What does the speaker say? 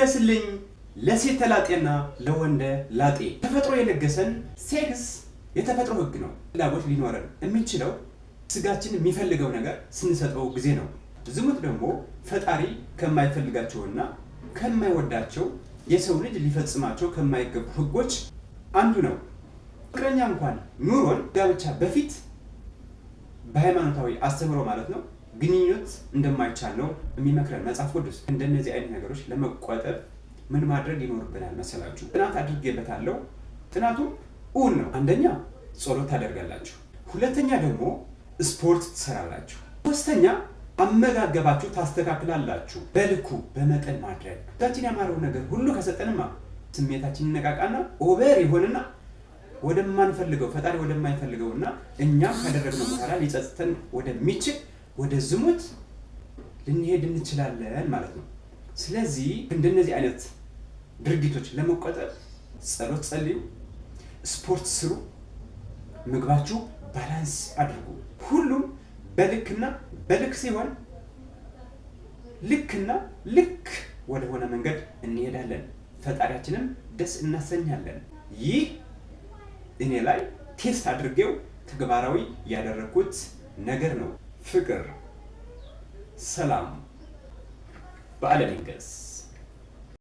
ይድረስልኝ ለሴተ ላጤና ለወንደ ላጤ ተፈጥሮ የነገሰን ሴክስ የተፈጥሮ ህግ ነው። ፍላጎት ሊኖረን የሚችለው ስጋችን የሚፈልገው ነገር ስንሰጠው ጊዜ ነው። ዝሙት ደግሞ ፈጣሪ ከማይፈልጋቸውና ከማይወዳቸው የሰው ልጅ ሊፈጽማቸው ከማይገቡ ህጎች አንዱ ነው። ፍቅረኛ እንኳን ኑሮን ጋብቻ በፊት በሃይማኖታዊ አስተምህሮ ማለት ነው ግንኙነት እንደማይቻል ነው የሚመክረን መጽሐፍ ቅዱስ። እንደነዚህ አይነት ነገሮች ለመቆጠብ ምን ማድረግ ይኖርብናል መሰላችሁ? ጥናት አድርጌበታለሁ። ጥናቱ እውን ነው። አንደኛ ጸሎት ታደርጋላችሁ፣ ሁለተኛ ደግሞ ስፖርት ትሰራላችሁ፣ ሶስተኛ አመጋገባችሁ ታስተካክላላችሁ። በልኩ በመጠን ማድረግ ታችን ያማረው ነገር ሁሉ ከሰጠንማ ስሜታችን ይነቃቃና ኦቨር ይሆንና ወደማንፈልገው ፈጣሪ ወደማይፈልገውና እኛም ካደረግነው በኋላ ሊጸጽተን ወደሚችል ወደ ዝሙት ልንሄድ እንችላለን ማለት ነው። ስለዚህ እንደነዚህ አይነት ድርጊቶች ለመቆጠብ ጸሎት ጸልዩ፣ ስፖርት ስሩ፣ ምግባችሁ ባላንስ አድርጉ። ሁሉም በልክና በልክ ሲሆን ልክና ልክ ወደሆነ መንገድ እንሄዳለን፣ ፈጣሪያችንም ደስ እናሰኛለን። ይህ እኔ ላይ ቴስት አድርጌው ተግባራዊ ያደረግኩት ነገር ነው። ፍቅር፣ ሰላም በዓለም ይንገስ።